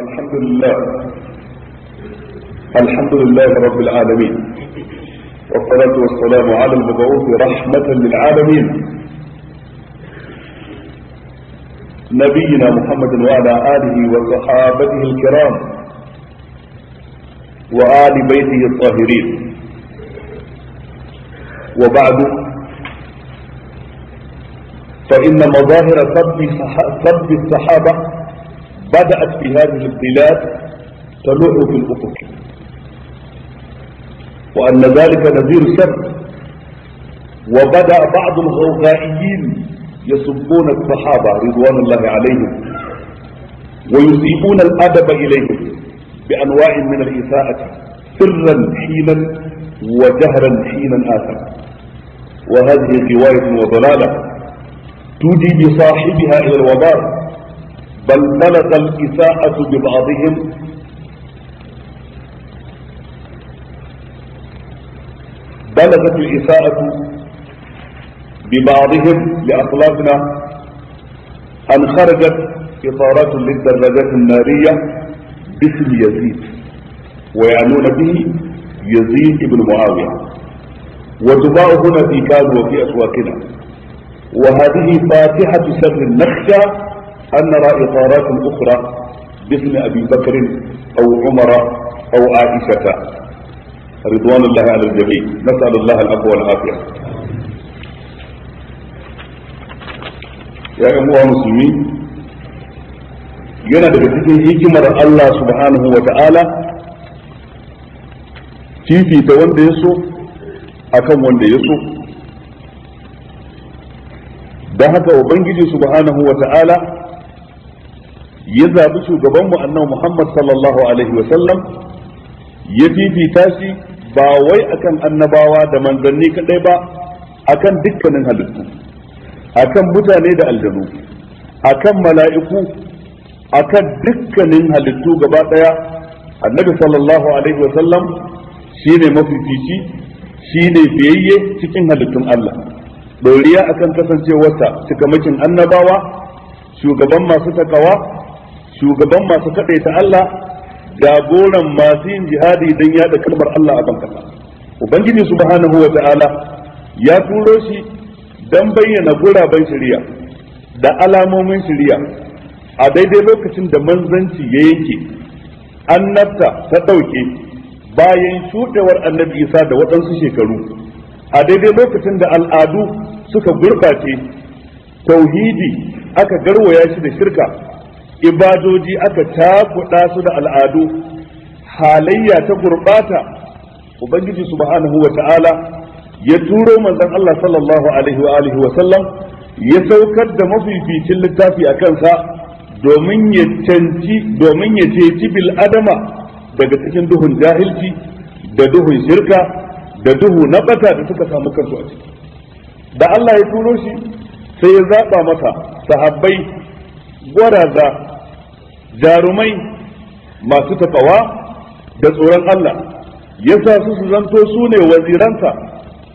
الحمد لله الحمد لله رب العالمين والصلاة والسلام على المبعوث رحمة للعالمين نبينا محمد وعلى آله وصحابته الكرام وآل بيته الطاهرين وبعد فإن مظاهر سب الصحابة بدأت في هذه البلاد تلوح في الأفق وأن ذلك نذير سر وبدأ بعض الغوغائيين يسبون الصحابة رضوان الله عليهم ويسيئون الأدب إليهم بأنواع من الإساءة سرا حينا وجهرا حينا آخر وهذه رواية وضلالة تودي بصاحبها إلى الوبار بل بلغ الإساءة ببعضهم بلغت الإساءة ببعضهم لأخلاقنا أن خرجت إطارات للدراجات النارية باسم يزيد ويعنون به يزيد بن معاوية وتباع هنا في كان وفي أسواقنا وهذه فاتحة سر نخشى أن نرى إطارات أخرى باسم أبي بكر أو عمر أو عائشة رضوان الله على الجميع نسأل الله العفو والعافية يا أيها المسلمين yana daga cikin hikimar Allah subhanahu wa ta'ala fifita wanda ya so akan wanda ya so don haka ubangiji subhanahu wa ta'ala ya zabi shugaban mu annabi Muhammad sallallahu alaihi wa sallam ya fifita shi ba wai akan annabawa da manzanni kadai ba akan dukkanin halittu akan mutane da aljanu akan mala'iku akan dukkanin halittu gaba daya annabi sallallahu alaihi wa sallam shine mafifici shine biyayye cikin halittun Allah doriya akan kasancewarsa cikamakin annabawa shugaban masu takawa shugaban masu kaɗai ta Allah jagoran masu yin jihadi don yaɗa kalmar Allah a bankasa ubangiji subhanahu wa ta'ala ya turo shi don bayyana guraben shari'a da alamomin shari'a a daidai lokacin da manzanci ya yanke annabta ta ɗauke bayan shuɗewar annabi isa da waɗansu shekaru a daidai lokacin da al'adu suka gurɓace tauhidi aka garwaya shi da shirka ibadoji aka takuɗa su da al'adu halayya ta gurɓata ubangiji subhanahu wa ta'ala ya turo manzon Allah sallallahu alaihi wa alihi wa sallam ya saukar da mafificin littafi a kansa domin ya canci domin ya ceci bil adama daga cikin duhun jahilci da duhun shirka da duhu na bata da suka samu kansu a ciki da Allah ya turo shi sai ya zaba masa sahabbai gwaraza jarumai masu tafawa da tsoron Allah yasa su su zanto su ne waziransa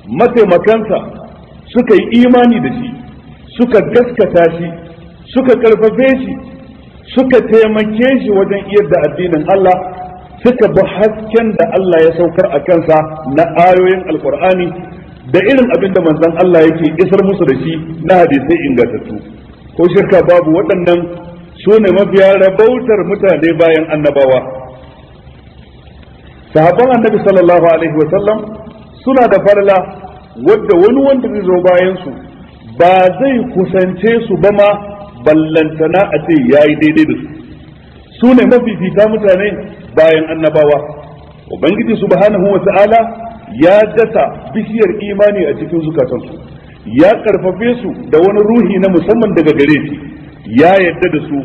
mataimakansa suka yi imani da shi suka gaskata shi suka ƙarfafe shi suka taimake shi wajen iya da addinin Allah suka bi hasken da Allah ya saukar a kansa na ayoyin alkur'ani da irin abin da manzon Allah yake isar musu da shi na hadisai ingantattu ko shirka babu waɗannan su ne mafiya rabautar mutane bayan annabawa sahabban annabi sallallahu alaihi wasallam suna da farla wadda wani wanda zai zo bayansu ba zai kusance su ba ma ballantana a ce ya yi daidai da su su ne fita mutane bayan annabawa ubangiji subhanahu wa ta'ala ya dasa bishiyar imani a cikin zukatansu ya karfafe su da wani ruhi na musamman daga gare shi ya yadda da su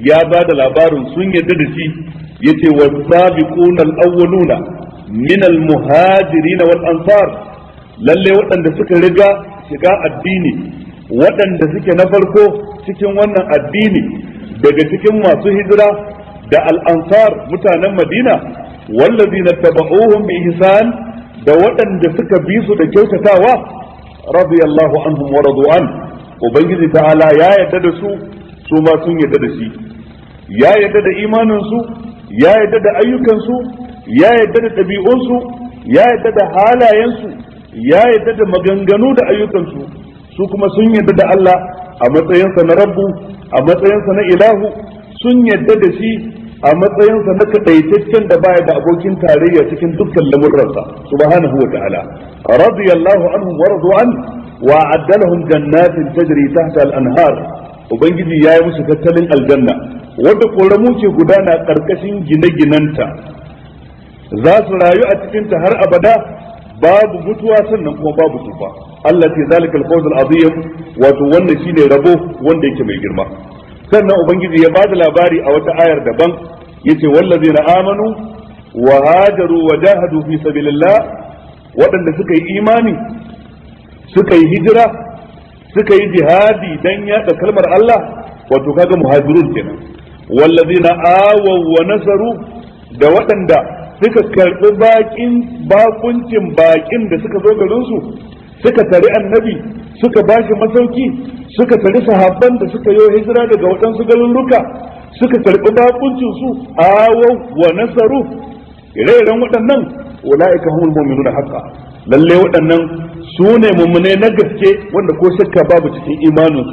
ya ba da labarin sun yadda da shi ce wa sabiquna al-awwaluna min al-muhajirin wal-ansar lalle waɗanda suka riga shiga addini waɗanda suke na farko cikin wannan addini daga cikin masu hijira da al-ansar mutanen Madina wallazina tabauhum bi ihsan da waɗanda suka bi su da kyautatawa radiyallahu anhum wa radu an ubangiji ta'ala ya yarda da su su ma sun yarda da shi ya yarda da imaninsu ya yarda da ayyukansu, ya yarda da ɗabi'unsu, ya yarda da halayensu, ya yarda da maganganu da ayyukansu, su kuma sun yarda da Allah a matsayinsa na rabbu a matsayinsa na ilahu sun yarda da shi a matsayinsa na kadaitaccen da baya da abokin tarayya cikin dukkan lamurransa subhanahu wa ta'ala radiyallahu anhum wa radu an wa adda jannatin tajri tahta al-anhar ubangiji ya yi musu tattalin aljanna wadda koramu ce gudana karkashin gine-ginanta za su rayu a cikinta har abada babu mutuwa sannan kuma babu tufa Allah ce zalikal fawzul azim wato wannan shine rabo wanda yake mai girma sannan ubangiji ya bada labari a wata ayar daban yace wallazina amanu wa hajaru wa jahadu fi sabilillah waɗanda suka yi imani suka yi hijira suka yi jihadi dan yada kalmar Allah wato kaga muhajirun kenan wallazina awaw wa nasaru da waɗanda suka karɓi bakin bakuncin bakin da suka zo garin su suka tari annabi suka bashi masauki suka tari sahabban da suka yi hijira daga waɗansu garuruka suka karɓi bakuncin su awaw wa nasaru ire-iren waɗannan ula'ika humul mu'minuna haqqa lalle waɗannan su ne mummune na gaske wanda ko shakka babu cikin imaninsu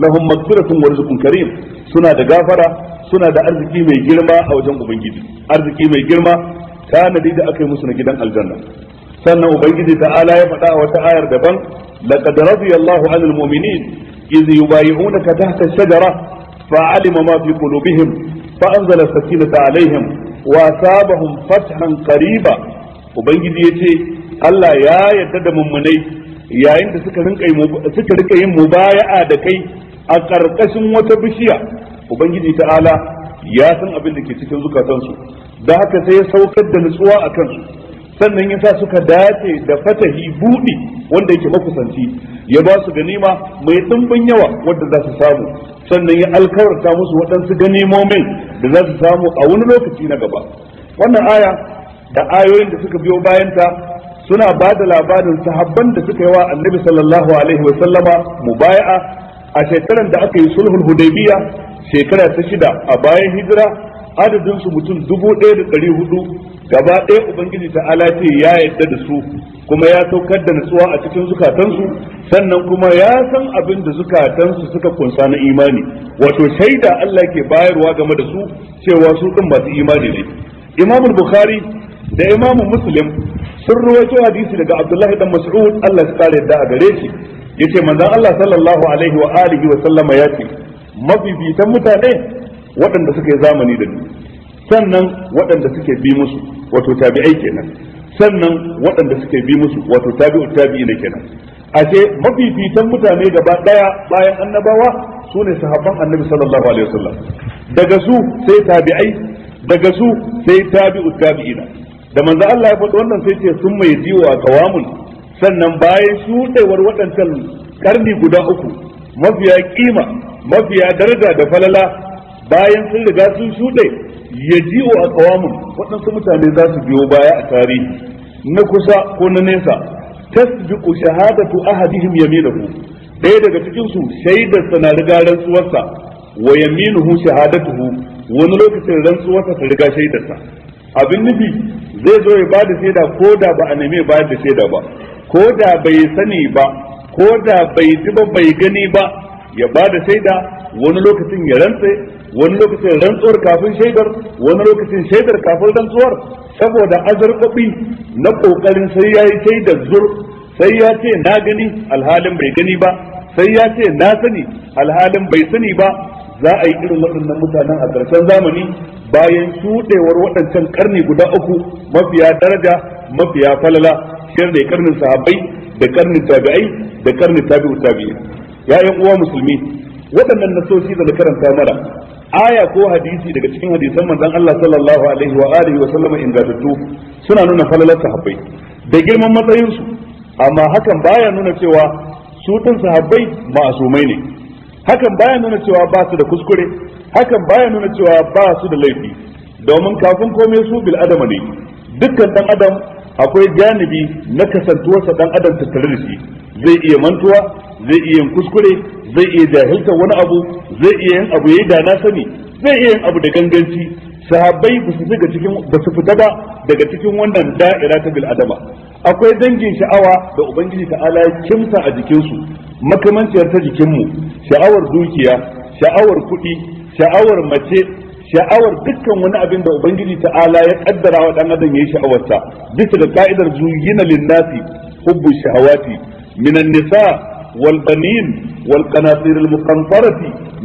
lahum maghfiratun wa rizqun karim suna da gafara suna da arziki mai girma a wajen ubangiji arziki mai girma tanadi da aka yi musu na gidan aljanna sannan ubangiji ta'ala ya faɗa a wata ayar daban laqad radiyallahu 'anil mu'minin idh yubayi'unaka tahta ash-shajara fa'alima ma fi qulubihim fa'anzala as-sakinata 'alayhim wa asabahum fathan qariba ubangiji yace Allah ya yarda da mummunai yayin da suka rinka suka rinka yin mubaya'a da kai a karkashin wata bishiya ubangiji ta'ala ya san abin da ke cikin zukatansu da haka sai ya saukar da nutsuwa a kansu sannan ya sa suka dace da fatahi buɗi wanda yake makusanci ya ba su ganima mai ɗumbin yawa wanda za su samu sannan ya alkawarta musu waɗansu ganimomin da za su samu a wani lokaci na gaba wannan aya da ayoyin da suka biyo bayanta suna ba da labarin sahabban da suka yi wa annabi sallallahu alaihi wa sallama mubaya'a a shekarar da aka yi sulhul hudaybiya shekara ta shida a bayan hijira adadin su mutum dubu ɗaya da ɗari hudu gaba ɗaya ubangiji ta alati ya yadda da su kuma ya saukar da nutsuwa a cikin zukatansu sannan kuma ya san abin da zukatansu suka kunsa na imani wato shaida Allah ke bayarwa game da su cewa su ɗin masu imani ne imamul bukhari da Imamin muslim sun ruwaito hadisi daga Abdullahi dan Mas'ud Allah ya kare yadda a gare shi yace manzon Allah sallallahu alaihi wa alihi wa sallama ya ce mafifitan mutane waɗanda suka yi zamani da sannan waɗanda suke bi musu wato tabi'ai kenan sannan waɗanda suke bi musu wato tabi'u tabi'i ne kenan ashe mafifitan mutane gaba daya bayan annabawa su ne sahabban annabi sallallahu alaihi wa sallam. daga su sai tabi'ai daga su sai tabi'u tabi'ina da manzo Allah ya faɗi wannan sai ce sun mai jiwa a kawamun sannan bayan shuɗewar waɗancan karni guda uku mafiya kima mafiya daraja da falala bayan sun riga sun shuɗe ya jiwa a kawamun waɗansu mutane za su biyo baya a tarihi na kusa ko na nesa tasbiqu shahadatu ahadihim yaminahu ɗaya daga cikin su shaidarsa na riga rantsuwarsa wa yaminuhu shahadatuhu wani lokacin rantsuwarsa ta riga shaidarsa abin nufi zai zo ya bada shaida ko da ba a nemi bayar da shaida ba ko da bai sani ba ko da bai ji ba bai gani ba ya bada shaida wani lokacin ya rantse wani lokacin rantsuwar kafin shaidar wani lokacin shaidar kafin rantsuwar saboda azarbabi na ƙoƙarin sai ya yi shaidar zur sai ya ce na gani alhalin bai gani ba sai ya ce na sani alhalin bai sani ba za a yi irin waɗannan mutanen a ƙarshen zamani bayan shuɗewar waɗancan karni guda uku mafiya daraja mafiya falala shir da karnin sahabbai da karnin tabi'ai da karnin tabi'u tabi'in ya uwa musulmi waɗannan nasoshi da na karanta mara aya ko hadisi daga cikin hadisan manzon Allah sallallahu alaihi wa alihi wa sallama ingantattu suna nuna falalar sahabbai da girman matsayinsu amma hakan baya nuna cewa su sahabbai ma'asumai ne hakan baya nuna cewa ba su da kuskure hakan baya nuna cewa ba su da laifi domin kafin komai su bil adama ne dukkan dan adam akwai janibi na kasantuwarsa dan adam tattare da shi zai iya mantuwa zai iya kuskure zai iya jahilta wani abu zai iya yin abu yayi da na sani zai iya yin abu da ganganci sahabbai ba su fita ba daga cikin wannan da'ira ta bil adama akwai dangin sha'awa da ubangiji ta'ala ya kimsa a jikinsu makamanciyar ta jikinmu sha'awar dukiya sha'awar kuɗi sha'awar mace sha'awar dukkan wani abin da ubangiji ta'ala ya kaddara wa dan adam yayi sha'awarsa bisa da ka'idar zuyina linnasi hubbu shahawati minan nisa والبنين والقناطير wal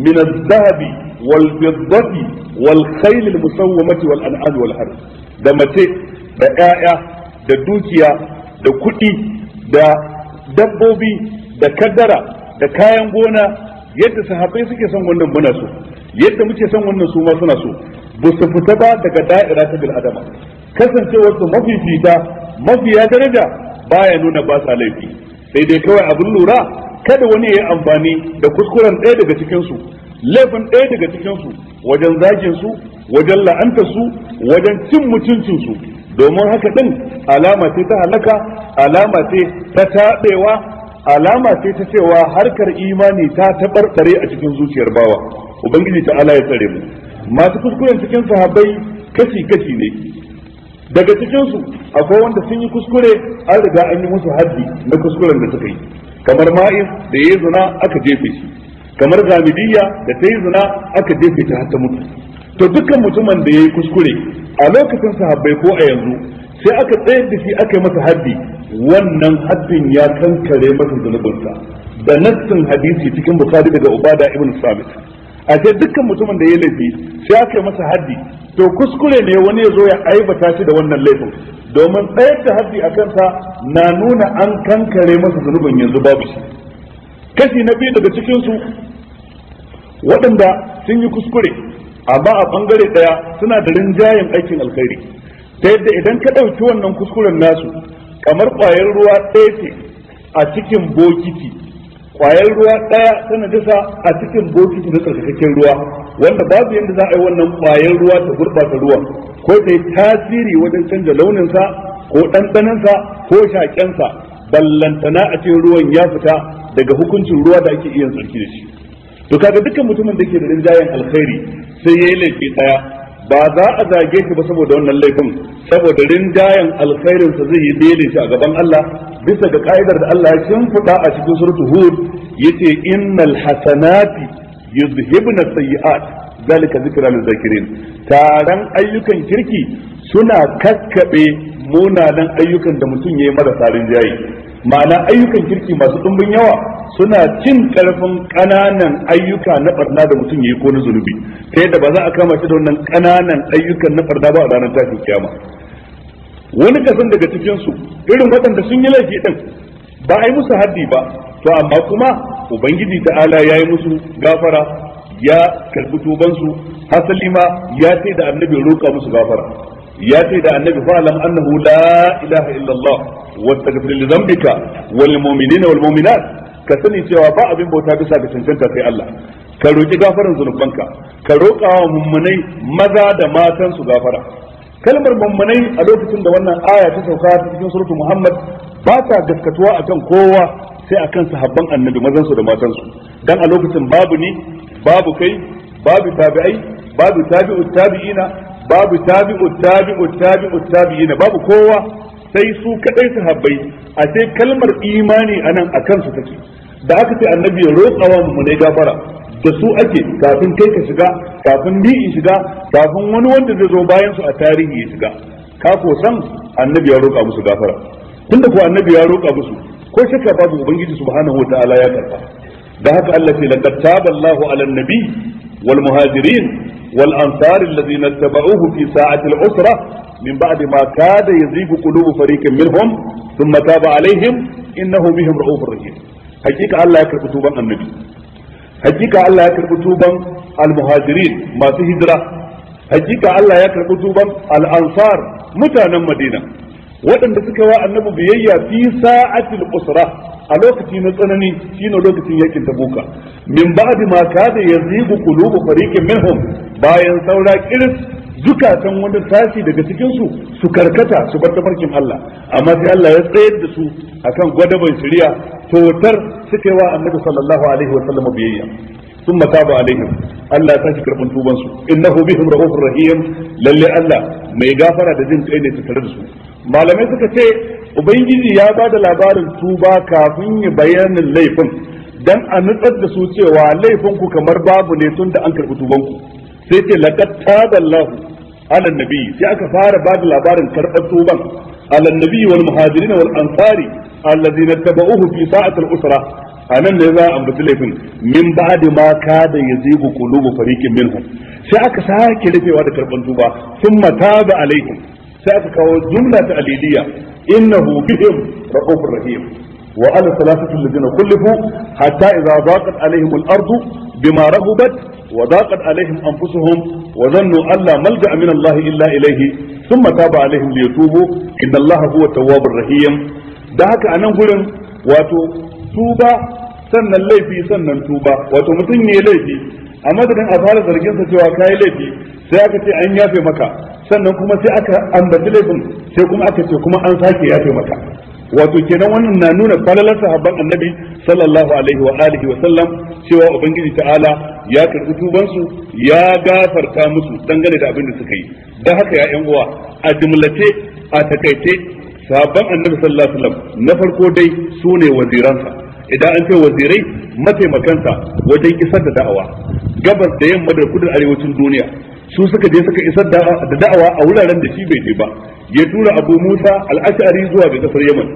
من الذهب والفضة والخيل المسومة والأنعام والحرث da mace da 'ya'ya da dukiya da kuɗi da dabbobi da kaddara da kayan gona yadda sahabbai suke son wannan muna so yadda muke son wannan su ma suna so ba su fita ba daga da'ira ta bil adama kasancewar su mafi mafiya daraja baya nuna ba sa laifi sai dai kawai abin lura kada wani ya yi amfani da kuskuren ɗaya daga cikin su laifin ɗaya daga cikin su wajen zagin su wajen la'anta su wajen cin mutuncin su domin haka din alama ce ta halaka alama ce ta taɓewa alama ce ta cewa harkar imani ta taɓarɓare a cikin zuciyar bawa ubangiji ta ala ya tsare mu masu kuskuren cikin sahabbai kashi kashi ne daga cikinsu akwai wanda sun yi kuskure an riga an yi musu haddi na kuskuren da suka yi kamar ma'is da ya zina aka jefe shi kamar zamidiyya da ta yi zina aka jefe ta har ta mutu to dukkan mutumin da ya yi kuskure a lokacin sahabbai ko a yanzu sai aka tsayar da shi aka yi masa haddi wannan haddin ya kankare masa zunubinsa da nassin hadisi cikin bukari daga ubada ibn sabit a ce dukkan mutumin da ya laifi sai aka yi masa haddi to kuskure ne wani ya zo ya aibata shi da wannan laifin domin tsayar da haddi a kansa na nuna an kankare masa zunubin yanzu babu shi kashi na biyu daga cikinsu waɗanda sun yi kuskure amma a bangare daya suna da rinjayen aikin alkhairi ta yadda idan ka ɗauki wannan kuskuren nasu kamar ƙwayar ruwa ɗaya ce a cikin bokiti ƙwayar ruwa ɗaya tana jisa a cikin bokiti na tsarkakakken ruwa wanda babu yadda za a yi wannan ƙwayar ruwa ta gurɓata ruwan ko ta yi tasiri wajen canza launinsa ko ɗanɗanansa ko shaƙensa ballantana a cikin ruwan ya fita daga hukuncin ruwa da ake iya tsarki da shi to kaga dukkan mutumin da ke da rinjayen alkhairi sai yayi laifi daya ba za a zage shi ba saboda wannan laifin saboda rinjayen alkhairin sa zai yi dele shi a gaban Allah bisa ga ka'idar da Allah ya shimfiɗa a cikin suratu hud yace innal hasanati yuzhibna sayyi'at zalika zikra lil zakirin taran ayyukan kirki suna kakkabe munanan ayyukan da mutum yayi marasa rinjaye ma'ana ayyukan kirki masu ɗumbin yawa suna cin karfin ƙananan ayyuka na barna da mutum ya yi ko na zunubi ta yadda ba za a kama shi da wannan ƙananan ayyukan na barna ba a ranar tashin kiyama wani kasan daga cikinsu irin waɗanda sun yi laifi ɗin ba a yi musu haddi ba to amma kuma ubangiji ta'ala ya yi musu gafara ya karɓi tubansu hasali ma ya ce da annabi roƙa musu gafara ya ce da annabi fa'alam annahu la ilaha illallah wastaghfir li dhanbika wal mu'minina wal ka sani cewa ba abin bauta bisa ga cancanta sai Allah ka roki gafaran zunubanka ka roƙa wa mummunai maza da matan gafara kalmar mummunai a lokacin da wannan aya ta sauka ta cikin suratu Muhammad ba ta gaskatuwa akan kowa sai akan sahabban annabi mazan su da matan su dan a lokacin babu ni babu kai babu tabi'ai babu tabi'ut tabi'ina babu tabi'ut tabi'ut tabi'ut tabi'ina babu kowa sai su kadai sahabbai a sai kalmar imani anan a kansu take da aka ce annabi ya roƙa wa mu ne gafara da su ake kafin kai ka shiga kafin ni in shiga kafin wani wanda zai zo bayan su a tarihi ya shiga ka ko san annabi ya roƙa musu gafara tunda ko annabi ya roƙa musu ko shakka babu ubangiji subhanahu wataala ya karba da haka Allah ce laqad taballahu ala nabi والمهاجرين والأنصار الذين اتبعوه في ساعة العسرة من بعد ما كاد يزيغ قلوب فريق منهم ثم تاب عليهم إنه بهم رؤوف رحيم حقيقة الله يكرب توبا النبي حقيقة الله يكرب توبا المهاجرين ما في هجرة حقيقة الله يكرب توبا الأنصار متى متانا مدينة waɗanda suka wa annabi biyayya fi sa'atil usra a lokaci na tsanani shine lokacin yakin tabuka min ba'di ma kada yazigu qulubu fariqin minhum bayan saura kiris zukatan wanda tashi daga cikin su su karkata su bar tafarkin Allah amma sai Allah ya tsayar da su akan gwadaban shari'a totar suka wa annabi sallallahu alaihi wa sallam biyayya ثم تاب عليهم الله تاكي كربن توبان سو انه بهم رؤوف رحيم lalle Allah mai gafara da jin kai ne tattare da su malamai suka ce ubangiji ya ba da labarin tuba kafin ya bayanin laifin dan a nutsar da su cewa laifin ku kamar babu ne tun da an karbi tuban ku sai ce laqad taballahu ala nabi sai aka fara ba da labarin karɓar tuban ala nabi wal muhajirin wal ansari alladhina tabauhu fi sa'atil usra anan ne za a ambaci laifin min ba'di ma kada yazigu kulubu fariƙin minhu sai aka sake rufewa da karban tuba thumma taba alaikum sai aka kawo jumla ta aliliya innahu bihim raufur rahim wa ala salatatu alladhina kullifu hatta idza daqat alaihim al-ardu bima rahubat wa daqat alaihim anfusuhum wa dhannu alla malja'a min Allah illa ilayhi thumma taba alaihim liyatubu inna Allah huwa tawwabur rahim da haka anan gurin wato tuba sannan laifi sannan tuba wato mutum ne laifi a madadin a fara zargin sa cewa kai laifi sai aka ce an yafe maka sannan kuma sai aka ambaci laifin sai kuma aka ce kuma an sake yafe maka wato kenan wannan na nuna falalar sahabban annabi sallallahu alaihi wa alihi wa sallam cewa ubangiji ta'ala ya karbi tubansu ya gafarta musu dangane da abin da suka yi dan haka ya yan uwa a jumlace a takaice sahabban annabi sallallahu alaihi wa sallam na farko dai sune waziransa idan an ce wazirai mataimakanta wajen isar da da'awa gabas da yamma da kudin arewacin duniya su suka je suka isar da da'awa a wuraren da shi bai je ba ya tura Abu Musa al'ashari zuwa ga kasar Yaman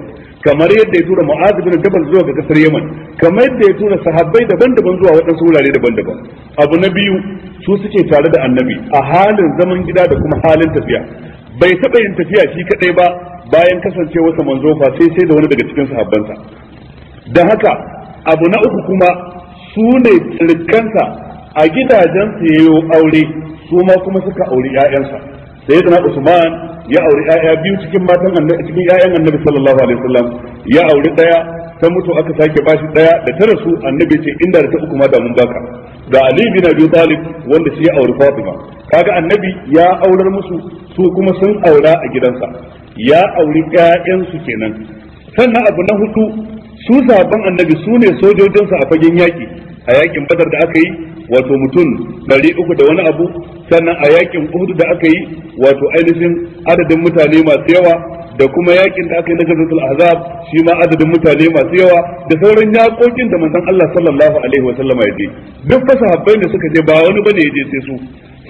kamar yadda ya tura Mu'adh bin Jabal zuwa ga kasar Yaman kamar yadda ya tura sahabbai daban-daban zuwa waɗansu wurare daban-daban abu na biyu su suke tare da annabi a halin zaman gida da kuma halin tafiya bai taɓa yin tafiya shi kaɗai ba bayan kasancewarsa manzo fa sai sai da wani daga cikin sahabbansa da haka abu na uku kuma su ne tsirkansa a gidajen su yayo aure su ma kuma suka auri ƴaƴansa sai Usman ya auri ƴaƴa biyu cikin matan annabi cikin ƴaƴan annabi sallallahu alaihi wasallam ya auri daya ta mutu aka sake bashi daya da tara su annabi ce inda da ta uku ma da mun baka ga Ali bin Abi Talib wanda shi ya auri Fatima kaga annabi ya aurar musu su kuma sun aura a gidansa ya auri 'ya'yansu kenan sannan abu na hudu su sahabban annabi su ne sojojinsa a fagen yaƙi a yaƙin badar da aka yi wato mutum ɗari uku da wani abu sannan a yaƙin uhud da aka yi wato ainihin adadin mutane masu yawa da kuma yaƙin da aka yi na gazatul azab shi ma adadin mutane masu yawa da sauran yaƙoƙin da manzon Allah sallallahu alaihi wa sallama ya je duk fa sahabbai ne suka je ba wani bane ya je sai su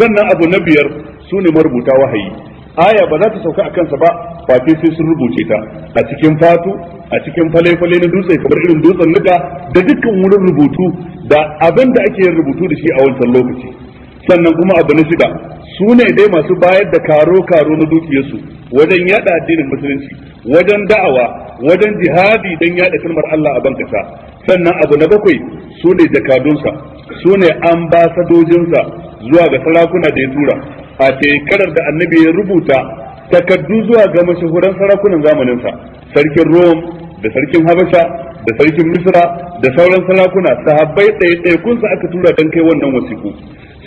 sannan abu na biyar su ne marubuta wahayi aya ba za ta sauka a kansa ba face sai sun rubuce ta a cikin fatu a cikin fale-fale na dutse kamar irin dutsen nuka da dukkan wurin rubutu da abin da ake yin rubutu da shi a wancan lokaci sannan kuma abu na shida su ne dai masu bayar da karo-karo na dukiyarsu wajen yada addinin musulunci wajen da'awa wajen jihadi don yada kalmar Allah a bankasa sannan abu na bakwai su ne jakadunsa su ne ambasadojinsa zuwa ga sarakuna da ya tura a shekarar da annabi ya rubuta takardu zuwa ga mashahuran sarakunan zamaninsa sarkin rom da sarkin habasha da sarkin misra da sauran sarakuna sahabbai kunsa aka tura don kai wannan wasiku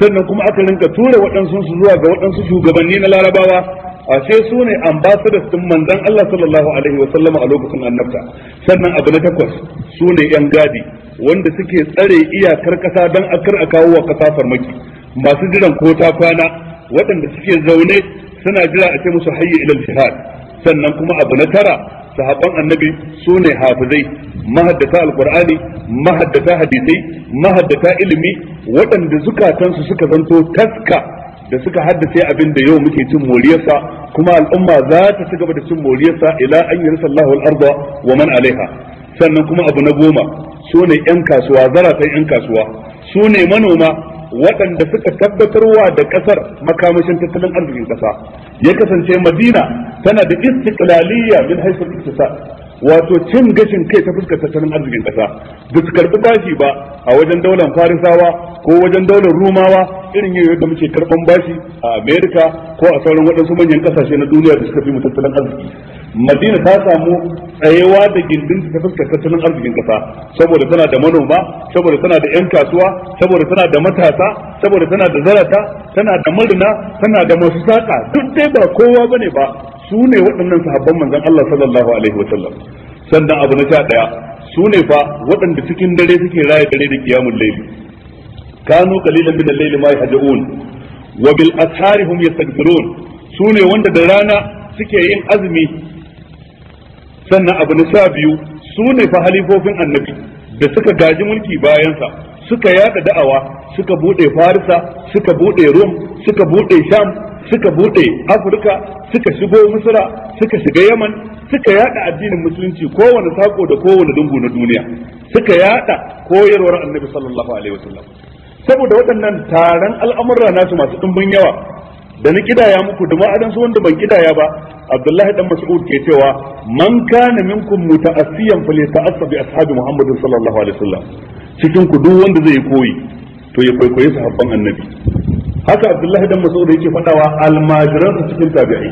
sannan kuma aka rinka tura waɗansu su zuwa ga waɗansu shugabanni na larabawa A ashe su ne ambassadors din manzon Allah sallallahu alaihi wa sallama a lokacin annabta sannan abu na takwas su ne yan gadi wanda suke tsare iyakar kasa dan akar a kawo wa kasa farmaki masu jiran ko ta kwana waɗanda suke zaune suna jira a ce musu hayya ilal jihad sannan kuma abu na tara sahabban annabi su ne hafizai mahaddata alqur'ani mahaddata hadisai mahaddata ilimi waɗanda zukatansu suka zanto taska da suka haddace abin da yau muke cin moriyarsa kuma al'umma za ta ci gaba da cin moriyarsa ila an yarisallahu al-arda wa man alaiha sannan kuma abu na goma su ne 'yan kasuwa zaratan 'yan kasuwa su ne manoma waɗanda suka tabbatarwa da ƙasar makamashin tattalin arzikin ƙasa ya kasance madina tana da istiqlaliyya min haisul iktisad wato cin gashin kai ta fuskar tattalin arzikin ƙasa da su karɓi bashi ba a wajen daular farisawa ko wajen daular rumawa irin yau da muke karɓan bashi a amerika ko a sauran waɗansu manyan ƙasashe na duniya da suka fi mu tattalin arziki madina ta samu tsayewa da gindin ta fuskar tattalin arzikin kasa saboda tana da manoma saboda tana da yan kasuwa saboda tana da matasa saboda tana da zarata tana da marina tana da masu saka duk dai ba kowa bane ba su ne waɗannan sahabban manzon Allah sallallahu alaihi sannan abu na sha daya su ne fa waɗanda cikin dare suke raya dare da kiyamul layli kanu qalilan min al-layli ma yahjaun wa bil ashari yastaghfirun su ne wanda da rana suke yin azumi sannan abu na sha biyu su ne fa halifofin annabi da suka gaji mulki bayansa suka yada da'awa suka bude farisa suka bude rum suka bude sham suka bude afirka suka shigo misra suka shiga yaman suka yada addinin musulunci kowane sako da kowane dungu na duniya suka yada koyarwar annabi sallallahu alaihi wasallam saboda waɗannan taron al'amurra nasu masu ɗumbin yawa da ni kidaya muku da ma'adan su wanda ban kidaya ba Abdullahi dan Mas'ud ke cewa man kana minkum muta'assiyan falyata'assa bi ashabi Muhammad sallallahu alaihi wasallam cikin ku duk wanda zai koyi to ya kwaikwayi sahabban annabi haka Abdullahi dan Mas'ud yake fadawa almajiran su cikin tabi'ai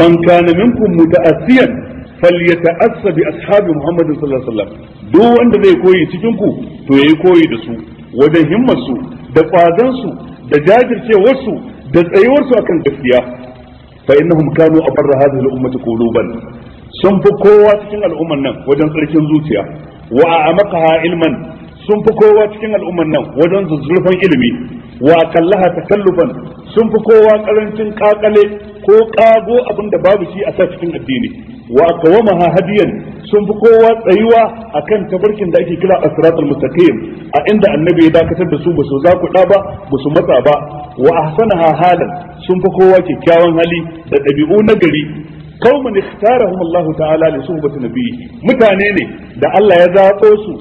man kana minkum muta'assiyan falyata'assa bi ashabi Muhammad sallallahu alaihi wasallam duk wanda zai koyi cikin ku to yayi koyi da su wajen himmar su da kwazan su da jajircewar su da tsayuwarsu akan gaskiya fa innahum kanu abarra hadhihi al-ummati quluban sun fi kowa cikin al'umman nan wajen tsarkin zuciya wa a'amaqaha ilman sun fi kowa cikin al'umman nan wajen zuzzurfan ilimi wa kallaha takallufan sun fi kowa karancin kakale ko kago abin da babu shi a sa cikin addini wa aqwamaha hadiyan sun fi kowa tsayuwa akan tabarkin da ake kira as-siratal mustaqim a inda annabi ya dakatar da su basu za ku da ba basu matsa ba wa ahsanaha halan sun fi kowa kyakkyawan hali da ɗabi'u na gari qauman ikhtarahum Allah ta'ala li suhbati nabiyhi mutane ne da Allah ya zaɓo su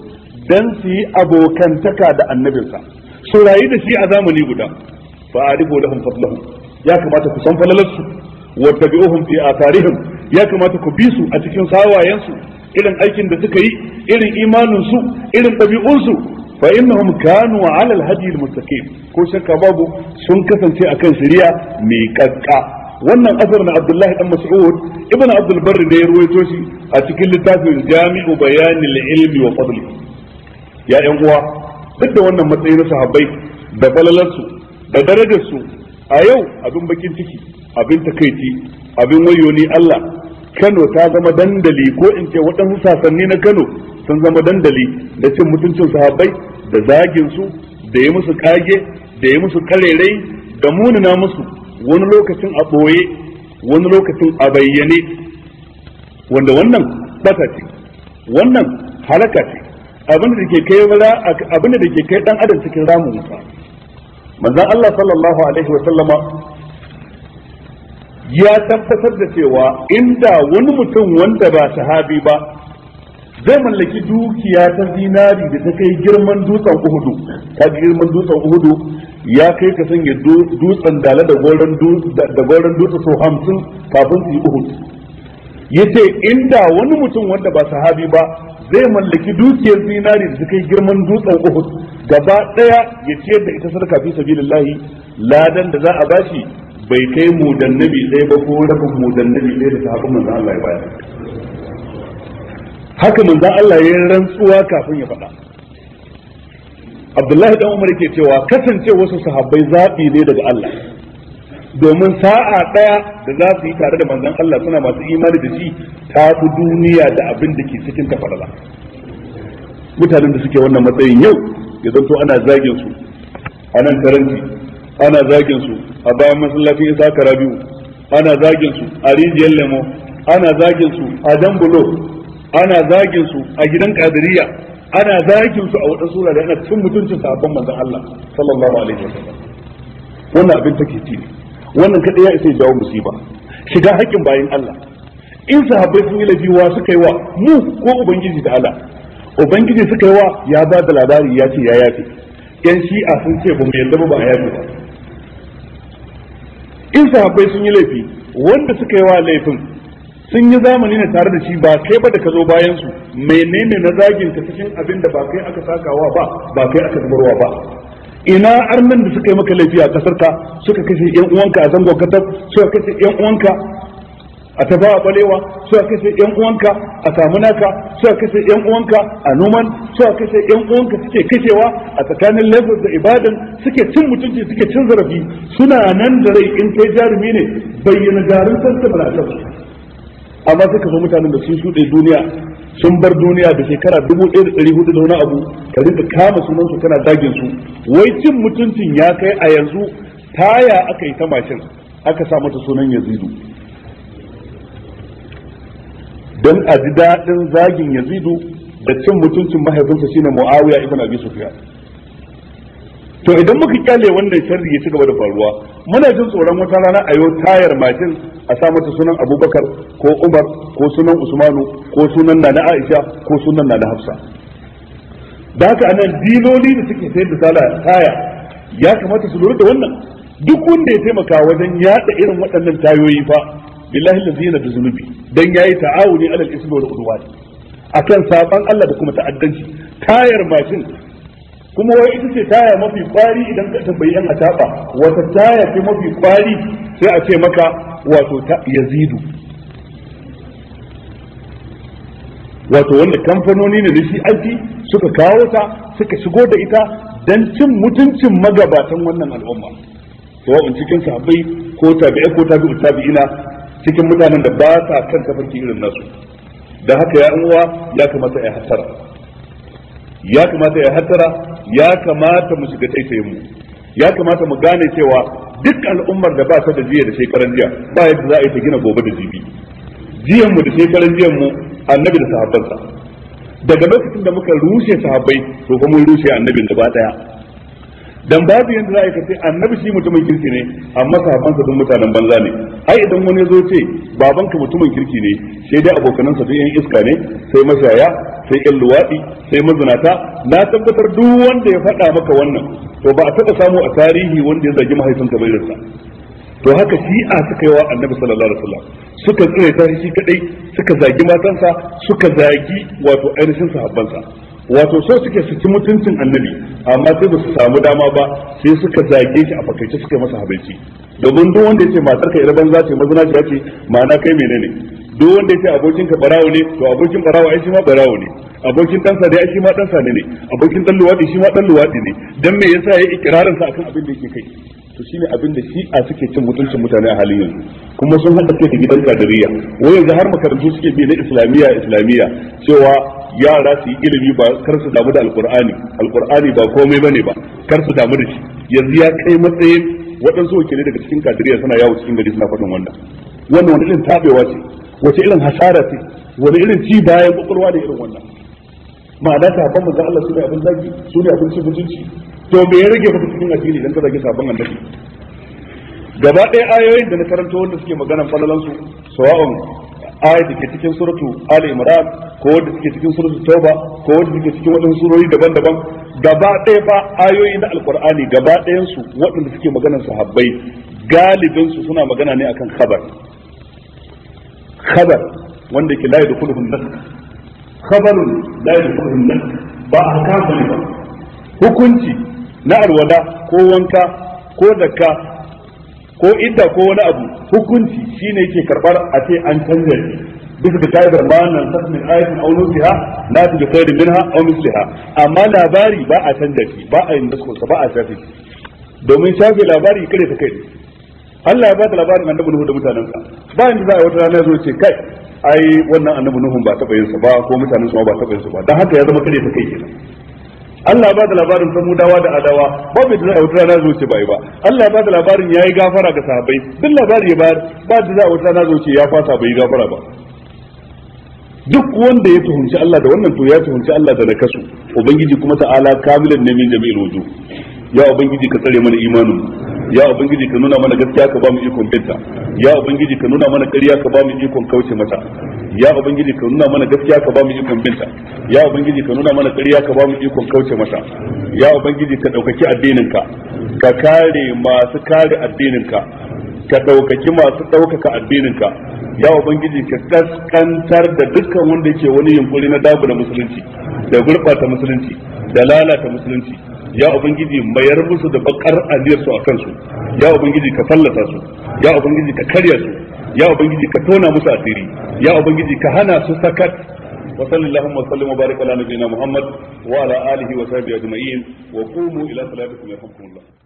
dan su yi abokantaka da annabinsa su rayu da shi a zamani guda fa lahum fadlahum ya kamata ku san falalarsu wa tabi'uhum fi atharihim ya kamata ku bi su a cikin sawayensu irin aikin da suka yi irin imaninsu irin ɗabi'unsu fa innahum kanu ala alhadi almustaqim ko shakka babu sun kasance akan shari'a mai kakka wannan asar na Abdullahi dan Mas'ud ibn Abdul Barr da ya ruwaito shi a cikin littafin Jami'u Bayanil Ilmi wa Fadli ya uwa duk da wannan matsayin na sahabbai da falalarsu da darajarsu a yau abin bakin ciki abin takaici abin wayo Allah Kano ta zama dandali ko in ce waɗansu sasanni na Kano sun zama dandali da cin mutuncin sahabbai da zagin su da yi musu kage da yi musu karerai da munana musu wani lokacin a ɓoye wani lokacin a bayyane wanda wannan bata ce wannan halaka ce abin da ke kai wala abin da ke kai dan adam cikin ramin wuta manzon Allah sallallahu alaihi wa sallama ya tabbatar da cewa inda wani mutum wanda ba sahabi ba zai mallaki dukiya ta zinari da ta kai girman dutsen uhudu ta girman dutsen uhudu ya kai ka sanya dutsen dala da goron dutse so hamsin kafin su yi uhudu ya ce inda wani mutum wanda ba sahabi ba zai mallaki dukiyar zinari da ta kai girman dutsen uhud gaba daya ya ciyar da ita sarka fi sabilillahi ladan da za a bashi bai kai mu nabi ɗaya ba ko rabin mu nabi ɗaya da sahabban manzon Allah ya bayar haka manzan Allah ya rantsuwa kafin ya faɗa Abdullahi dan Umar ke cewa kasance wasu sahabbai zaɓi ne daga Allah domin sa'a ɗaya da za su yi tare da manzon Allah suna masu imani da shi ta fi duniya da abin da ke cikin tafarala mutanen da suke wannan matsayin yau ya zanto ana zagin su a nan karanci ana zagin su a bayan masallacin isa karabiu ana zagin su a rijiyar lemo ana zagin su a dambulo ana zagin su a gidan kadiriya ana zagin su a wadansu wurare ana cin mutuncin sabon manzon Allah sallallahu alaihi wasallam wannan abin take ci wannan kadai ya isa jawo musiba shiga haƙƙin bayin Allah in sahabbai sun yi lafiya wa suka yi wa mu ko ubangiji da Allah ubangiji suka yi wa ya ba da labari ya ce ya yafe yan shi'a sun ce ba mu yadda ba a yafe ba in sahabbai sun yi laifi wanda suka yi wa laifin sun yi zamani na tare da shi ba kai ba da ka zo bayan su menene na zagin ka cikin abin da ba kai aka sakawa ba ba kai aka zubarwa ba ina arnan da suka yi maka laifi a kasar ka suka kashe yan uwanka a zango katar, suka kashe yan uwanka a tafa a balewa a kashe yan uwanka a samu naka a kashe yan uwanka a numan, noman a kashe yan uwanka suke kashewa a tsakanin lagos da ibadan suke cin mutunci suke cin zarafi suna nan da rai in kai jarumi ne bayyana garin sassa balatar amma suka zo mutanen da sun shuɗe duniya sun bar duniya da shekara dubu ɗaya da ɗari hudu da wani abu ka rinka kama sunan su kana dagin su wai cin mutuncin ya kai a yanzu taya aka yi ta mashin aka sa mata sunan yazidu don a ji daɗin zagin yazidu da cin mutuncin mahaifinsa shine muawiya ibn abi sufyan to idan muka kyale wannan sharri ya ci gaba da faruwa muna jin tsoron wata rana a yau tayar matin a sa mata sunan abubakar ko umar ko sunan usmanu ko sunan nana aisha ko sunan nana hafsa da haka anan diloli da suke sayar da sala taya ya kamata su lura da wannan duk wanda ya taimaka wajen yaɗa irin waɗannan tayoyi fa billahi zina da zunubi dan yayi ta'awuni alal ismi wal udwan akan saban Allah da kuma ta'addanci tayar mashin kuma wai ita ce taya mafi kwari idan ka tambayi yan ataba wata taya ce mafi kwari sai a ce maka wato ta yazidu wato wanda kamfanoni ne na aiki suka kawo ta suka shigo da ita don cin mutuncin magabatan wannan al'umma sawa'un cikin sahabbai ko tabi'ai ko tabi'u tabi'ina cikin mutanen da ba sa kan tafarki irin nasu da haka ya uwa ya kamata ya hattara ya kamata ya hattara ya kamata mu shiga taitayin mu ya kamata mu gane cewa duk al'ummar da ba ta da jiya da shekaran jiya ba yadda za a yi ta gina gobe da jibi jiyan mu da shekaran jiyan mu annabi da sahabbansa daga lokacin da muka rushe sahabbai to kuma mun rushe annabin ba daya dan babu yanda za a kace annabi shi mutumin kirki ne amma sahabbansa duk mutanen banza ne ai idan wani zo ce babanka mutumin kirki ne sai dai abokanansa duk yan iska ne sai mashaya sai yan luwadi sai mazinata na tabbatar duk wanda ya faɗa maka wannan to ba a taɓa samu a tarihi wanda ya zagi mahaifin bai rasa to haka a suka yi wa annabi sallallahu alaihi wasallam suka tsire tarihi kadai suka zagi matansa suka zagi wato ainihin sahabbansa wato so suke su ci mutuncin annabi amma sai ba su samu dama ba sai suka zage shi a fakaice suka masa habaici domin duk wanda yace matar ka irban za ta mazuna ta ce ma'ana kai menene duk wanda yace abokin ka barawo ne to abokin barawo ai shi ma barawo ne abokin dan sade ai shi ma dan sade ne abokin dan luwadi shi ma dan luwadi ne dan me yasa yayi ikrarin sa akan abin da yake kai to shine abin da shi a suke cin mutuncin mutane a halin yanzu kuma sun haɗa kai da gidan kadiriya wai yanzu har makarantu suke bi na islamiyya islamiyya cewa yara su yi ilimi ba kar su damu da alkur'ani alkur'ani ba komai bane ba kar su damu da shi yanzu ya kai matsayin waɗansu wakilai daga cikin kadiriya suna yawo cikin gari suna faɗin wannan wannan wani irin tabewa ce wace irin hasara ce wani irin ci bayan kwakwalwa da irin wannan ma'ana ta sahabban za Allah su ne abin zagi su ne abin cikin to me ya rage maka cikin addini don ka zage sabon annabi gaba ɗaya ayoyin da na karanto wanda suke maganan falalansu sawa'un ayat da ke cikin suratu Ali Imran ko wanda suke cikin suratu Tauba ko wanda suke cikin wadansu surori daban-daban gaba ɗaya ba ayoyi na Alkur'ani gaba ɗayan su waɗanda suke magana sahabbai galibin su suna magana ne akan khabar khabar wanda yake la yadkhuluhu an-nask khabarun la yadkhuluhu an-nask ba ahkam bane ba hukunci na alwada ko wanka ko zakka ko idda ko wani abu hukunci shine yake karbar a ce an canza shi bisa ga ka'idar ma nan sas ayatin aw nusiha la tu khairin minha aw misliha amma labari ba a canza shi ba a yinda ko ba a shafi domin shafi labari kare ta kai Allah ya ba da labarin annabi Nuhu da sa ba inda za a wata rana zo ce kai ai wannan annabi Nuhu ba taɓa yin sa ba ko mutanen sa ba taɓa yin sa ba dan haka ya zama kare ta kai kenan Allah ba da labarin dawa da adawa ba bai da wata rana na bai ba Allah ba da labarin ya yi gafara ga sahabbai duk labari ya bayar ba da za wata wuta na ce ya fasa bai gafara ba duk wanda ya tuhunci Allah da wannan to ya tuhunci Allah da nakasu ubangiji kuma ta'ala kamilan ne min jami'il wujuh ya ubangiji ka tsare mana imanin ya ubangiji ka nuna mana gaskiya ka ba mu ikon binta ya ubangiji ka nuna mana ƙarya ka ba mu ikon kauce mata ya ubangiji ka nuna mana gaskiya ka ba mu ikon binta ya ubangiji ka nuna mana ƙarya ka ba mu ikon kauce mata ya ubangiji ka ɗaukaki addinin ka ka kare masu kare addinin ka ka ɗaukaki masu ɗaukaka addinin ka ya ubangiji ka kaskantar da dukkan wanda yake wani yunkuri na dabu da musulunci da gurɓata musulunci da lalata musulunci ya ubangiji mayar musu da bakar aniyar su akan su ya ubangiji ka fallasa su ya ubangiji ka karya su ya ubangiji ka tona musu asiri ya ubangiji ka hana su sakat wa sallallahu wa sallam wa baraka ala nabiyyina muhammad wa ala alihi wa sahbihi ajma'in wa qumu ila salatikum yarhamkumullah